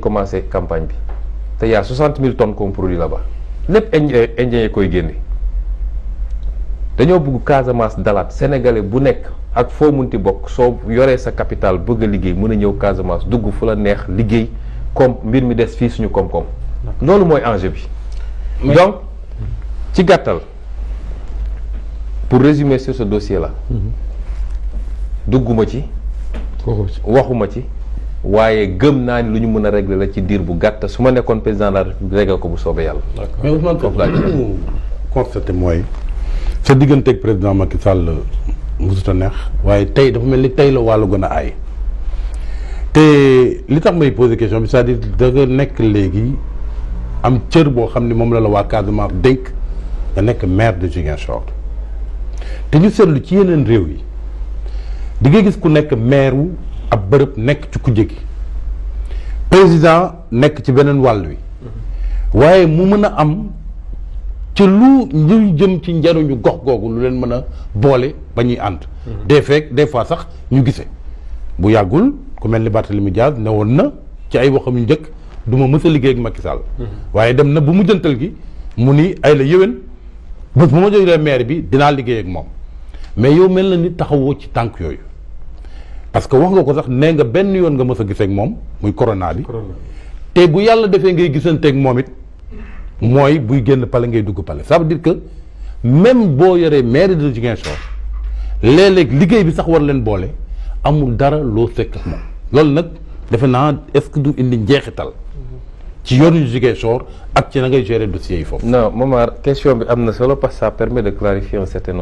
commencé campagne bi te y' a 60 000 tonnes la ba lépp euh, indien yi koy génne dañoo bëgg Casamance dalaat sénégalais bu nekk ak foo mun ti bokk soo yoree sa capital bëgg a liggéey mun a ñëw Casamance dugg fu la neex liggéey comme mbir mi des fii suñu koom-koom. loolu mooy enjeu bi. donc ci gàttal pour résumer sur ce dossier là. Mm-hmm. dugguma ci. waxuma ci. waaye gëm naa lu ñu mën a régler la ci diir bu gàtt su ma nekkoon président la république ko bu soobee yàlla. mais Ousmane Sonko ñu constaté mooy sa diggante ak président Macky Sall mosut a neex waaye tey dafa mel ni tey la wàllu gën a ay te li tax may poser question bi sa à dire da nga nekk léegi am cër boo xam ni moom la la waa Casamance dénk nga nekk maire de Ziguinchor te ñu seetlu ci yeneen réew yi di nga gis ku nekk maire wu. ab bërëb nekk ci kujje gi président nekk ci beneen wàll wi waaye mu mën a am ci lu ñu ci njariñu gox googu lu leen mën a boole ba ñuy ànd mhm. des fekk des fois sax ñu gisee bu yàggul ku mel ni Barthélemy Diaz ne woon na ci ay waxam yu njëkk du ma mës liggéey ak Macky Sall mhm. waaye dem na bu mu gi mu ni ay la yéwén bés bu ma joxee maire bi dinaa liggéey ak moom mais yow mel na ni taxawoo ci tànk yooyu parce que wax nga ko sax nee nga benn yoon nga mës a moom muy corona bi. te bu yàlla defee ngay gisanteeg moom it mooy buy génn pale ngay dugg pale ça veut dire que même boo yoree mairie de Ziguinchor léeg-léeg liggéey bi sax war leen boole amul dara loo sekk ak loolu nag defe naa est-ce que du indi njeexital. ci yoonu soor ak ci na ngay gérer dossier yi foofu. non Momar question bi am na solo parce que ça permet de clarifier un certain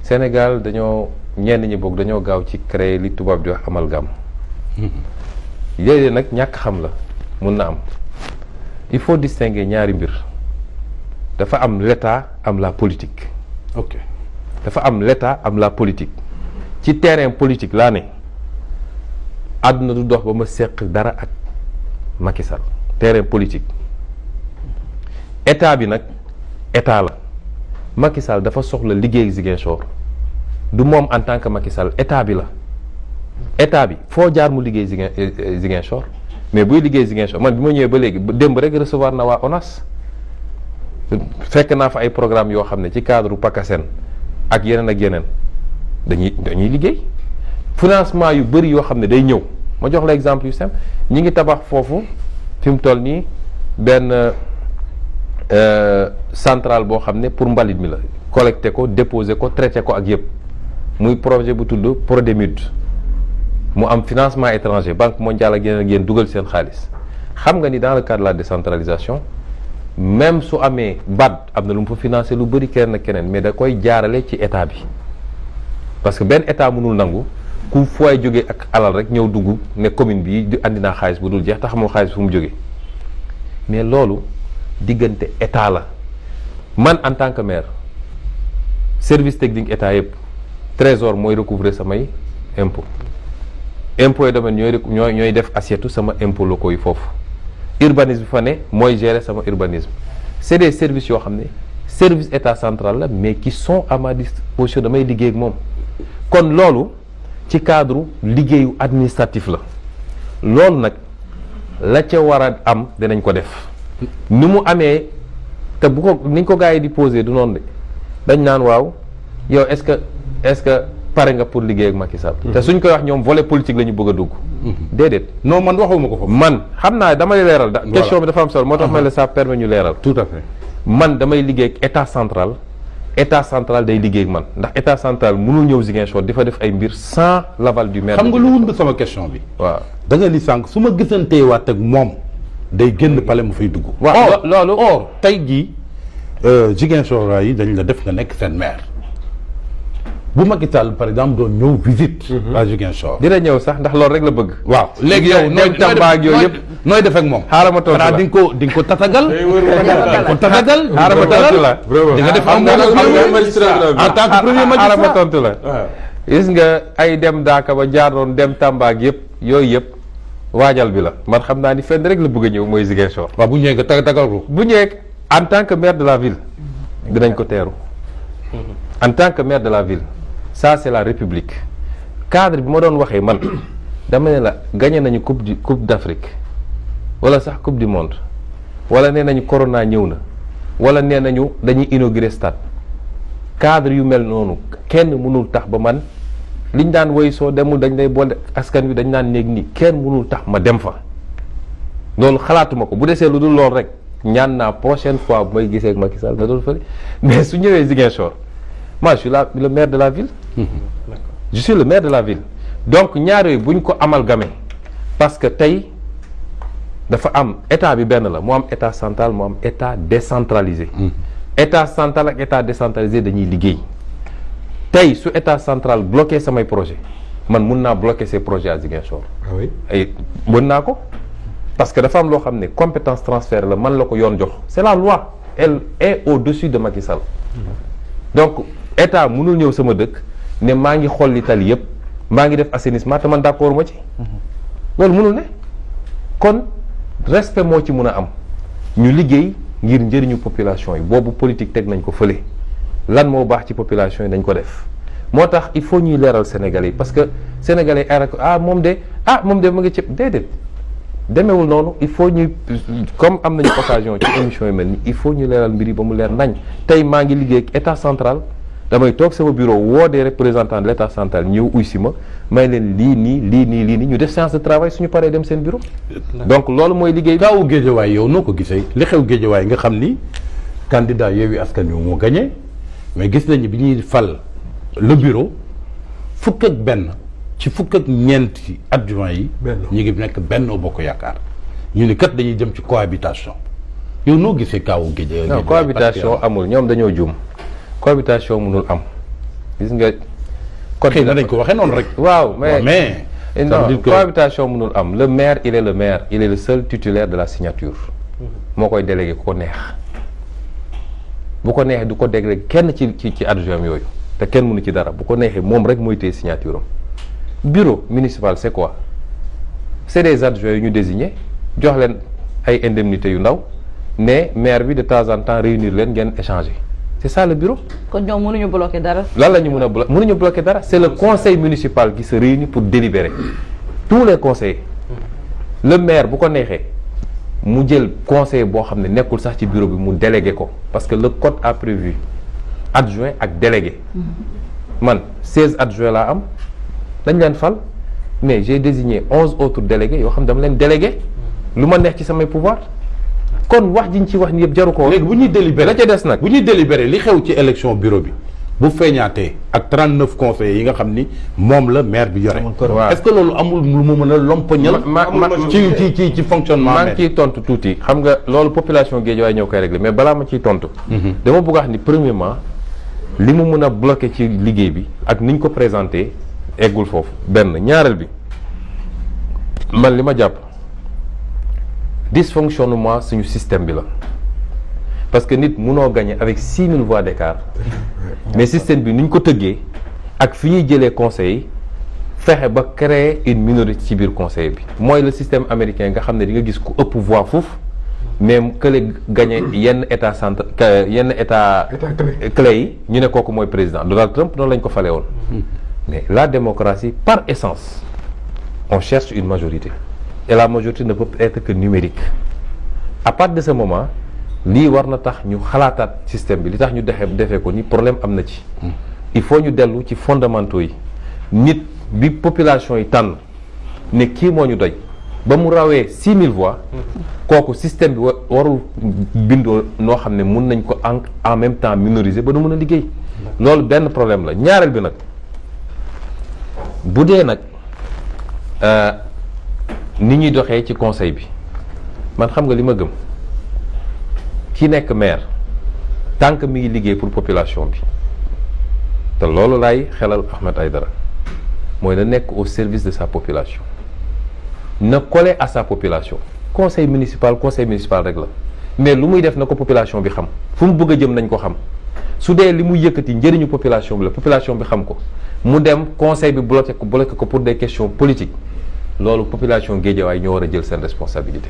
Sénégal dañoo. ñenn ñi boog dañoo gaaw ci créer li tubaab di wax amalgame léeg-léeg nag ñàkk xam la mun na am il faut di distinguer ñaari mbir dafa am l'état am la politique dafa am l'état am la politique ci terrain politique laa ne àdduna du dox ba ma seq dara ak Macky Sall terrain politique état bi nag état la Macky Sall dafa soxla liggéey Ziguinchor du moom en tant que Macky Sall état bi la état bi foo jaar mu liggéey Ziguin eh, eh, Ziguinchor mais buy liggéey Ziguinchor man bi ma ñëwee ba léegi démb rek recevoir na waa ONAS fekk naa fa ay programme yoo xam ne ci cadre PACASEN ak yeneen ak yeneen dañuy dañuy liggéey financement yu bëri yoo xam ne day ñëw ma jox la exemple yu simple ñu ngi tabax foofu fi mu toll nii benn euh, centrale boo xam ne pour mbalit mi la collecté ko déposé ko traité ko ak yëpp. muy projet bu tudd Prodémud mu am financement étranger banque mondiale ak yéen ak yéen dugal seen xaalis xam nga ni dans le cadre la décentralisation même su amee BAD am na lu mu fa financé lu bëri keneen ak keneen mais da koy jaarale ci état bi parce que benn état mënul nangu ku fooy jóge ak alal rek ñëw dugg ne commune bi di naa xaalis bu dul jeex te xamoo xaalis fu mu jóge mais loolu diggante état la man en tant que maire service technique état yëpp. trésor mooy recouvrer samay impôt impôt yi domaine ñooy ñooy ñooy def assiette sama impôt locaux yi foofu urbanisme fa ne mooy gérer sama urbanisme c'est des services yoo xam ne service état central la mais qui son à ma disposition damay liggéey ak moom kon loolu ci cadre liggéeyu administratif la loolu nag la ca war a am dinañ ko def ni mu amee te bu ko niñ ko gars yi di posé du noonu de dañ naan waaw yow est-ce que est-ce que pare nga pour liggéey ak Macky Sall. Mhm. te suñ koy wax ñoom volet politique la ñu bëgg a dugg. Mhm. déedéet. non man waxuma ko foofu. man xam naa damay leeral. da question bi dafa am solo moo tax ma la ça permet ñu leeral. tout à fait man damay liggéey ak état central état central day liggéey ak man ndax état central mënul ñëw Ziguinchor di fa def ay mbir sans l'aval du maire. xam nga lu wund sama question bi. waaw danga nga ni sànq su ma gisantee gisanteewaat ak moom. day génn palais mu fay dugg. waaw loolu tey jii euh, Ziguinchor yi dañ la def nga nekk seen maire. bu Macky Sall par exemple doon ñëw visite. Mhm. dina ñëw sax ndax lool rek la bëgg. waaw léegi yow nooy Tamba yooy yooyu yëpp nooy def moom. xaaral ma tontu la di nga ko di ko tatagal. di ko tatagal. xaaral ma la di nga def am nga en tant ah, ah, ma tontu la. Ah. gis nga ay dem daaka ba jaaroon dem Tamba ak yëpp yooyu yëpp. waajal bi la man xam naa ni fenn rek la bëgg a ñëw mooy Ziguinchor. waaw bu ñëwee nga tatagal ko. bu ñëwee en tant que maire de la ville. dinañ ko teeru. Mhm. en tant que maire de la ville ça c'est la république cadre bi ma doon waxee man dama ne la gagné nañu coupe du coupe d'Afrique wala sax coupe du monde wala nee nañu corona ñëw na wala nee nañu dañuy inaugurer stade cadre yu mel noonu kenn mënul tax ba man li ñu daan woy soo demul dañ lay boole askan wi dañ naan néeg nii kenn mënul tax ma dem fa loolu xalaatuma ko bu desee lu dul lool rek ñaan naa prochaine fois bu may gisee ak Macky Sall na doon fële mais su ñëwee Ziguinchor moi je suis la maire de la ville. Mhm. je le maire de la ville. donc ñaar yooyu bu ñu ko amalgamé parce que tey dafa am état bi benn la mu am état central mu am état décentralisé. Mhm. état central ak état décentralisé dañuy liggéey tey su état central bloqué samay projet man mun naa bloqué ces projet à Ziguinchor. ah oui ay mën naa ko parce que dafa am loo xam ne compétence transfert la man la ko yoon jox c'est la loi elle est au-dessus de Macky sal mhm. donc état mënul ñëw sama dëkk ne maa ngi xolli tali yëpp maa ngi def assainissement te man d'accord ma ci loolu mënul ne kon respect moo ci mun a am ñu liggéey ngir njëriñu population yi boobu politique teg nañ ko fële lan moo baax ci population yi dañ ko def moo tax il faut ñuy leeral sénégalais yi parce que sénégalais yi arak ah moom de ah moom de mu ngi ci déedéet demeewul noonu il faut ñuy comme am nañu occasion ci émission yu mel nii il faut ñu leeral mbir yi ba mu leer nañ tey maa ngi liggéey état central damay toog sama bureau woo des représentants de l'état central ñëw uy si ma may leen lii nii lii nii lii nii ñu def séance de travail suñu paree dem seen bureau. donc loolu mooy liggéey. kaawu géejawaay yow noo ko gisee li xew géejawaay nga xam ni candidat Yewwi Askan Wi moo gagné mais gis nañu bi ñuy fal le bureau fukk ak benn ci fukk ak ñeenti adjoint yi. ñu ngi nekk Benno Bokk Yaakaar ñu ni kat dañuy jëm ci cohabitation yow noo gisee kaawu géej. non amul ñoom dañoo juum. cohabitation mënul am gis nga. code bi dañ ko waxee noonu rek. waaw mais mais. Eh non cohabitation mënul am le maire il est le maire il est le seul titulaire de la signature. Mhm. moo koy délégué ku ko neex. bu ko neexee du ko délégué kenn ci ci ci adjoint yooyu te kenn mënu ci dara bu ko neexee moom rek mooy téye signature am bureau municipal c'est quoi c'est des adjoints yu ñu désigné jox leen ay indemnités yu ndaw ne maire bi de temps en temps réunir leen ngeen échanger. c'est ça le bureau. kon ñoom mënuñu bloquer dara. lan la ñu mën a bloquer mënuñu bloquer dara c'est le ah, conseil municipal qui se réunit pour délibérer tous les conseillers. le maire bu ko neexee mu jël conseil boo xam ne nekkul sax ci bureau bi mu délégué ko parce que le code a prévu adjoint ak délégué. Mm-hmm. man 16 adjoints laa am dañ leen fal mais j'ai désigné 11 autres délégués yoo xam ne dama leen délégué. Mm-hmm. lu ma neex ci samay pouvoir. kon wax jiñ ci wax ni yëpp jaru ko léegi bu ñuy délibéré la ca des nag bu ñuy délibéré li xew ci élection bureau bi bu feeñaatee ak 39 conseillers yi nga xam ni moom la maire bi yore. est-ce que loolu amul lu mu mën a lompoñal. ci ci ci ci fonctionnement. maa tontu tuuti xam nga loolu population Guédiawaye ñëw koy réglé mais balaa ma ciy tontu. Mhm. dama bëgg a wax ni premièrement li mu mën a bloqué ci liggéey bi ak niñ ko présenté eggul foofu benn ñaareel bi man li ma jàpp. dysfonctionnement suñu système bi la parce que nit munoo gagné avec 6000 voix d'écart mais système bi ni ñu ko tëggee ak fi ñuy jëlee conseil fexe ba créer une minorité ci biir conseil bi mooy le système américain nga xam ne di nga gis ku ëpp voix foofu mais kële gagné yenn état centre yenn état clé yi ñu ne kooku mooy président Donald Trump noonu lañ ko fale woon hmm. mais la démocratie par essence on cherche une majorité et la majorité na peut être que numérique à partir de ce moment lii war na tax ñu xalaataat système bi li tax ñu defe defee ko ni problème am na ci il faut ñu dellu ci fondamentaux yi nit bi population yi tànn ne kii moo ñu doy ba mu rawee six mille voix kooku système bi warul bindoo noo xam ne mun nañ ko en en même temps minoriser ba nu mën a liggéey loolu benn problème la ñaareel bi nag bu dee nag euh, ni ñuy doxee ci conseil bi man xam nga li ma gëm ki nekk maire tant que mi ngi liggéey pour population bi te loolu laay xelal Ahmed Aïdara mooy la nekk au service de sa population na coller à sa population conseil municipal conseil municipal rek la mais lu muy def na ko population bi xam fu mu bëgg a jëm nañ ko xam su dee li mu yëkkati njëriñu population bi la population bi xam ko mu dem conseil bi bloqué ko bloqué ko pour de questions politiques loolu population géejawaay ñoo war a jël seen responsabilité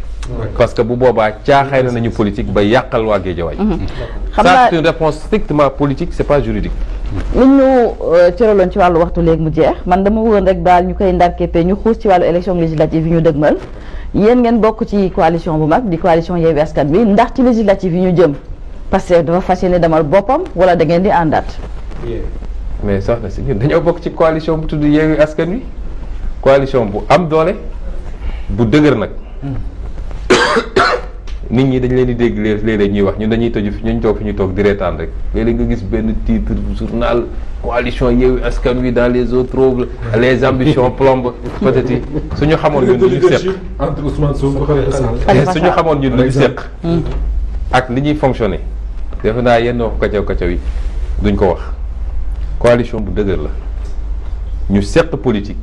parce que bu boobaa caaxaay na nañu politique ba yàqal waa géejawaay mhm. ça c'est une réponse strictement politique c'est pas juridique li ñu euh, cëraloon ci wàllu waxtu léegi mu jeex man dama bëggoon rek daal ñu koy ndarkeppe ñu xuus ci wàllu élection législative yi ñu dëgmal yéen ngeen bokk ci coalition bu mag di coalition Yewwi Askan bi ndax ci législative yi ñu jëm parce que dafa fas yéene demal boppam wala da ngeen di àndaat mais soxna si ñun dañoo bokk ci coalition bu tudd Yewwi Askan Wi coalition bu am doole bu dëgër nag hmm. nit ñi dañ leen di dégg léeg-léeg ñuy wax ñun dañuy tëju fi ñu toog fi ñu toog di rek léeg-léeg nga gis benn titre journal coalition Yewwi Askan Wi dans les eaux troubles les ambitions plombent peut-être suñu xamoon ñun ñu seq suñu xamoon ñun lu ñu seq eh, hmm. ak li ñuy fonctionner defe naa yenn wax kacaw kacaw yi duñ ko wax coalition bu dëgër la ñu seq politique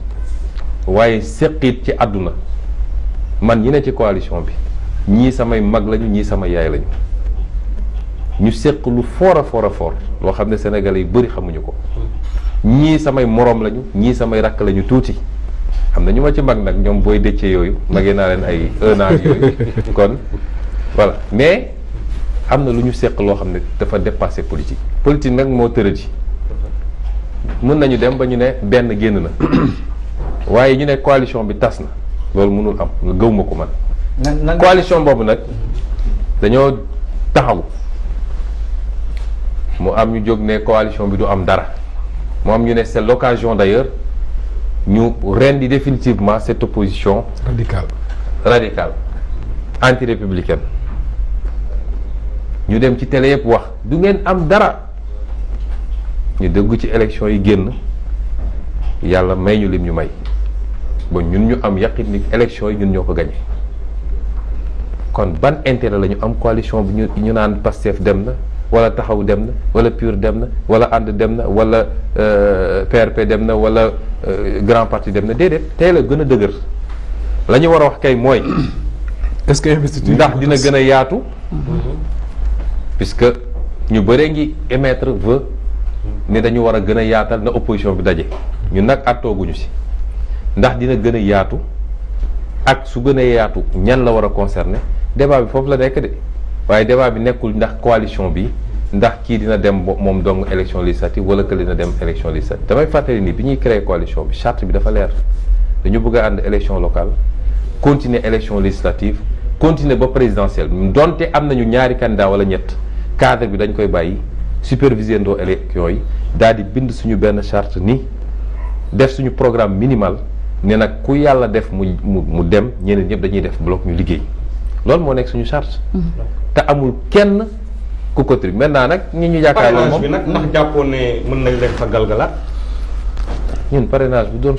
waaye séqit ci àdduna man ñi ne ci coalition bi ñii samay mag lañu ñii sama yaay lañu ñu séq lu fort a foor a fort loo xam ne sénégalais yu bari xamuñu ko ñii samay moroom lañu ñii samay rakk lañu tuuti xam na ñu ma ci mag nag ñoom booy dëccee yooyu magee naa leen ay un an yooyu kon voilà mais am na lu ñu séq loo xam ne dafa dépassé politique politique nag moo tërëji mën nañu dem ba ñu ne benn génn na waaye ñu ne coalition bi tas na loolu mënul am nga gëw ma ko man. nan coalition boobu nag dañoo taxaw mu am ñu jóg ne coalition bi du am dara mu am ñu ne c'est l'occasion d'ailleurs ñu rendi définitivement cette opposition. radicale radicale anti-républicaine ñu dem ci télé yëpp wax du ngeen am dara ñu dëgg ci élection yi génn yàlla may ñu lim ñu may. ba ñun ñu am yaqin ni élection yi ñun ñoo ko gagné kon ban intérêt la ñu am coalition bi ñu ñu naan Pastef dem na wala taxaw dem na wala PUR dem na wala ànd dem na wala PRP euh, dem na wala euh, grand parti dem na déedéet tey la gën a dëgër la ñu war a wax kay mooy. est-ce que investiture ndax dina gën a yaatu. Mm-hmm. puisque ñu bëree ngi émettre vœu. ne dañu war a gën a yaatal na opposition bi daje. ñun nag àttooguñu si. ndax dina gën a yaatu ak su gën yaatu ñan la war a concerner débat bi foofu la nekk de waaye débat bi nekkul ndax coalition bi ndax kii dina dem moom dong élection législative wala que dina dem élection législative damay fàttali nii bi ñuy créer coalition bi charte bi dafa leer dañu bëgg a ànd élection locale continuer élection législative continuer ba présidentielle donte am nañu ñaari candidat wala ñett cadre bi dañ koy bàyyi superviser ndoo élection yi daal di bind suñu benn charte ni def suñu programme minimal ne nag ku yàlla def mu mu mu dem ñeneen ñëpp dañuy def bloc ñu liggéey loolu moo nekk suñu charge. te amul kenn ku ko tri maintenant nag ñi ñu yaakaar moom bi nag ndax jàppoon ne mën nañ leen fa galgalaat ñun parrainage bi doon.